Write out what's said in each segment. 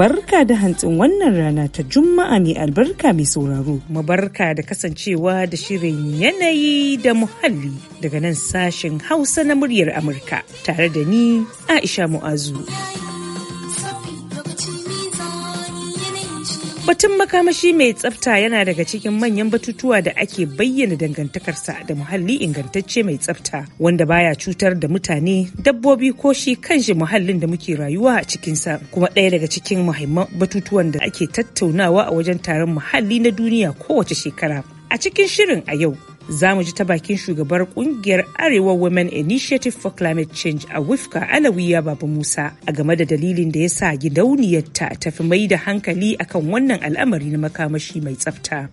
Barka da hantsin wannan rana ta Juma'a mai albarka mai sauraro. Mabarka da kasancewa da shirin yanayi da muhalli daga nan sashen Hausa na muryar Amurka tare da ni Aisha Mu'azu. Batun makamashi mai tsafta yana daga cikin manyan batutuwa da ake bayyana dangantakarsa da muhalli ingantacce mai tsafta wanda baya cutar da mutane, dabbobi ko shi kanshi muhallin da muke rayuwa a cikinsa. Kuma ɗaya daga cikin muhimman batutuwan da ake tattaunawa a wajen taron muhalli na duniya kowace shekara. A cikin shirin a yau Za mu ji ta bakin shugabar kungiyar Arewa Women Initiative for Climate Change a Wifka Alawiya Baba Musa a game da dalilin da ya sa gidauniyarta tafi mai da hankali akan wannan al'amari na makamashi mai tsafta.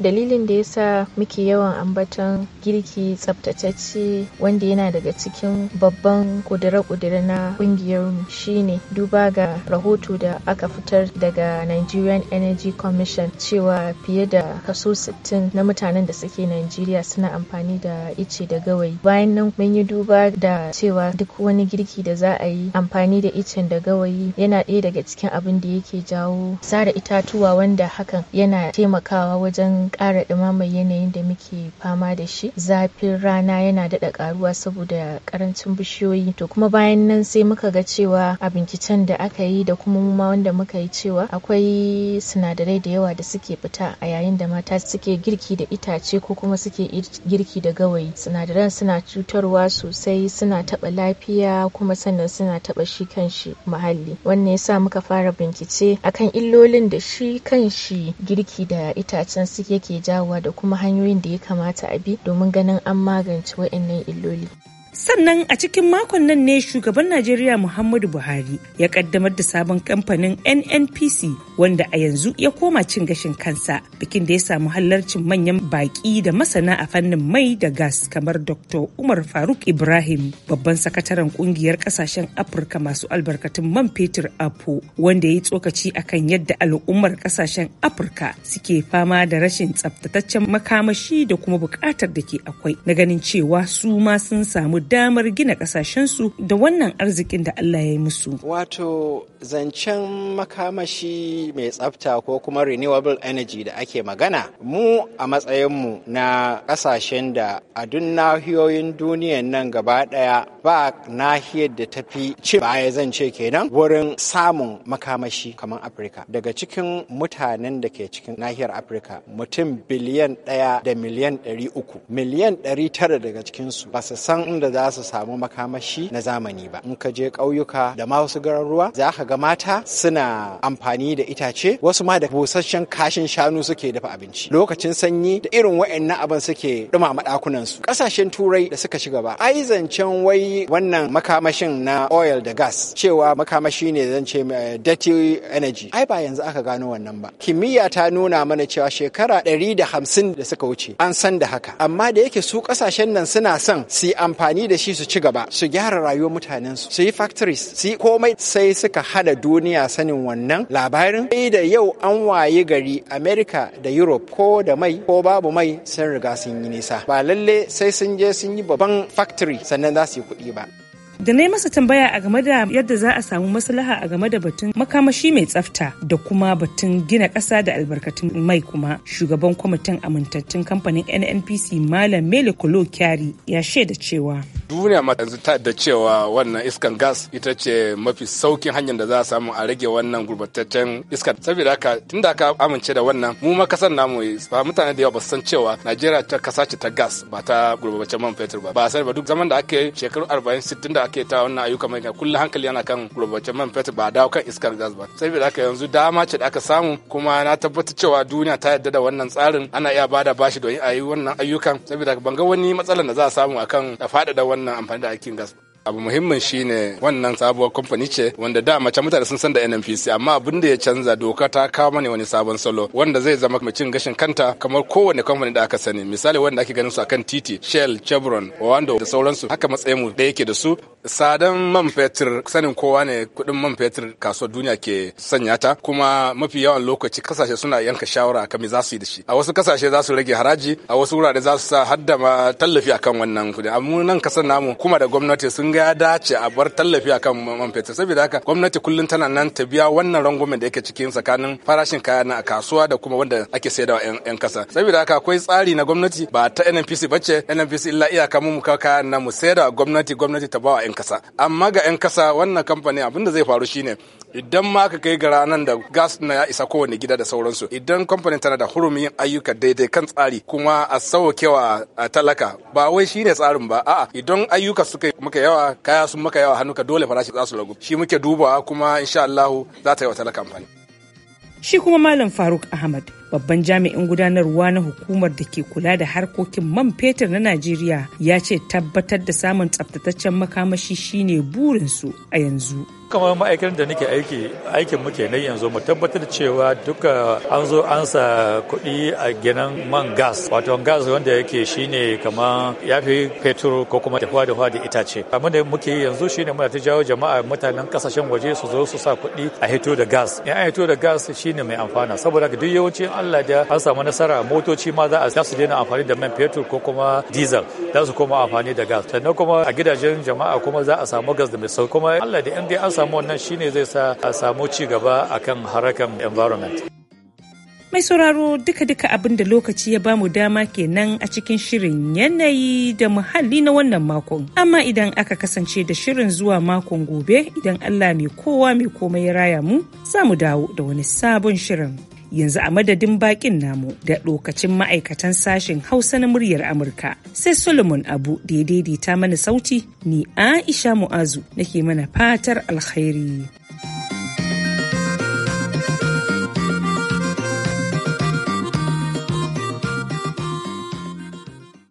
dalilin da yasa muke yawan ambaton girki tsaftatacce wanda yana daga cikin babban kudura-kudura na mu shine duba ga rahoto da aka fitar daga nigerian energy commission cewa fiye da kaso 60 na mutanen da suke nigeria suna amfani da ice da gawayi bayan nan mun yi duba da cewa duk wani girki da za a yi amfani da icen da gawayi yana ɗaya daga cikin abin da yake jawo sare itatuwa wanda hakan yana taimakawa wajen kara ƙara yanayin da muke fama da shi zafin rana yana daɗa ƙaruwa saboda ƙarancin bishiyoyi to kuma bayan nan sai muka ga cewa a binciken da aka yi da kuma ma wanda muka yi cewa akwai sinadarai da yawa da suke fita a yayin da mata suke girki da itace ko kuma suke girki da gawayi sinadaran suna cutarwa sosai suna taɓa lafiya kuma sannan suna taɓa shi kanshi muhalli wannan yasa muka fara bincike akan illolin da shi kanshi girki da itacen suke yake jawowa da kuma hanyoyin da ya kamata a bi domin ganin an magance waɗannan illoli. Sannan a cikin makon nan ne shugaban Najeriya Muhammadu Buhari ya kaddamar da sabon kamfanin NNPC wanda a yanzu ya koma cin gashin kansa bikin da ya samu halarcin manyan baƙi da masana a fannin mai da gas kamar Dr. Umar Faruk Ibrahim babban sakataren kungiyar kasashen Afirka masu albarkatun man fetur Apo wanda ya yi tsokaci akan yadda al'ummar kasashen Afirka suke fama da rashin tsaftataccen makamashi da kuma buƙatar da ke akwai na ganin cewa su ma sun samu samu damar gina kasashensu da wannan arzikin da Allah ya yi musu. Wato zancen makamashi mai tsafta ko kuma renewable energy da ake magana mu a matsayinmu na kasashen da a duk nahiyoyin duniyan nan gaba daya ba nahiyar da tafi ci baya zance kenan wurin samun makamashi kamar Afirka. Daga cikin mutanen da ke cikin nahiyar Afirka mutum biliyan daya da miliyan ɗari uku miliyan ɗari tara daga cikinsu ba su san inda da za su samu makamashi na zamani ba in ka je ƙauyuka da ma wasu garan ruwa za ka ga mata suna amfani da itace wasu ma da busasshen kashin shanu suke dafa abinci lokacin sanyi da irin wa'annan abin suke ɗumama ɗakunan su ƙasashen turai da suka ci gaba ai zancen wai wannan makamashin na oil da gas cewa makamashi ne zance ce eh, dirty energy ai ba yanzu aka gano wannan ba kimiyya ta nuna mana cewa shekara ɗari da hamsin da suka wuce an san da haka amma da yake su ƙasashen nan suna son su yi amfani amfani da shi su ci gaba su gyara rayuwar mutanensu su yi factories su komai sai suka hada duniya sanin wannan labarin sai da yau an waye gari america da europe ko da mai ko babu mai sun riga sun yi nisa ba lalle sai sun je sun yi babban factory sannan za su yi kuɗi ba da na yi masa tambaya a game da yadda za a samu maslaha a game da batun makamashi mai tsafta da kuma batun gina ƙasa da albarkatun mai kuma shugaban kwamitin amintattun kamfanin nnpc malam mele kolo kyari ya shaida cewa duniya ma yanzu ta da cewa wannan iskan gas ita ce mafi saukin hanyar da za a samu a rage wannan gurbataccen iska saboda haka tun da aka amince da wannan mu ma kasar namu ba mutane da yawa ba san cewa najeriya ta kasa ce ta gas ba ta gurbataccen man fetur ba ba san ba duk zaman da ake shekaru arba'in sittin da ake ta wannan ayyuka mai kullum hankali yana kan gurbataccen man fetur ba dawo kan iskar gas ba saboda haka yanzu dama ce da aka samu kuma na tabbatar cewa duniya ta yadda da wannan tsarin ana iya bada bashi don a yi wannan ayyukan saboda ban ga wani matsalar da za a samu akan faɗaɗa wannan wannan amfani da aikin gas abu muhimmin shine wannan sabuwar kamfani ce wanda da mace mutane sun san da NNPC amma abin da ya canza doka ta kawo mana wani sabon salo wanda zai zama cin gashin kanta kamar kowane kamfani da aka sani misali wanda ake ganin su akan titi Shell Chevron Wando da sauransu haka matsayin mu da yake da su sadan man fetur sanin kowa ne kudin man fetur kasuwar duniya ke sanya ta kuma mafi yawan lokaci kasashe suna yanka shawara akan me za su yi da shi a wasu kasashe za su rage haraji a wasu wurare za su sa hadda ma tallafi akan wannan kudi amma nan kasar namu kuma da gwamnati sun ga ya dace a bar tallafi akan man fetur saboda haka gwamnati kullum tana nan ta biya wannan rangwamen da yake cikin tsakanin farashin kaya na kasuwa da kuma wanda ake saidawa yan kasa saboda haka akwai tsari na gwamnati ba ta NNPC bace NNPC illa iyaka mu ka kaya na mu saida gwamnati gwamnati ta bawa yan kasa amma ga yan kasa wannan kamfani abin da zai faru shine idan ma ka kai gara nan da gas na ya isa kowane gida da sauransu idan kamfanin tana da hurumin ayyuka daidai kan tsari kuma a sauwakewa a talaka ba wai shine tsarin ba a'a idan ayyuka suka maka yawa kaya sun maka yawa hannuka dole farashi za su ragu shi muke dubawa kuma insha Allah za ta yi wa talaka amfani shi kuma malam faruk ahmad babban jami'in gudanarwa na hukumar da ke kula da harkokin man fetur na najeriya ya ce tabbatar da samun tsabtataccen makamashi shine burinsu a yanzu kamar ma'aikatan da nake aiki aikin muke na yanzu mu tabbatar cewa duka an zo an sa kuɗi a ginan man gas wato gas wanda yake shine kamar ya fi fetur ko kuma dafa dafa da itace abin da muke yanzu shine muna ta jawo jama'a mutanen kasashen waje su zo su sa kuɗi a hito da gas in an hito da gas shine mai amfana saboda duk yawanci Allah da an samu nasara motoci ma za a su daina amfani da man fetur ko kuma diesel za su koma amfani da gas sannan kuma a gidajen jama'a kuma za a samu gas da mai sauki kuma Allah da in dai an samu wannan shine zai sa a samu ci gaba akan harakan environment mai sauraro duka-duka abin da lokaci ya bamu dama kenan a cikin shirin yanayi da muhalli na wannan makon amma idan aka kasance da shirin zuwa makon gobe idan allah mai kowa mai komai ya raya mu za mu dawo da wani sabon shirin yanzu a madadin bakin namu da lokacin ma'aikatan sashen hausa na muryar amurka sai solomon abu da ya daidaita mana sauti ni aisha mu'azu nake mana fatar alkhairi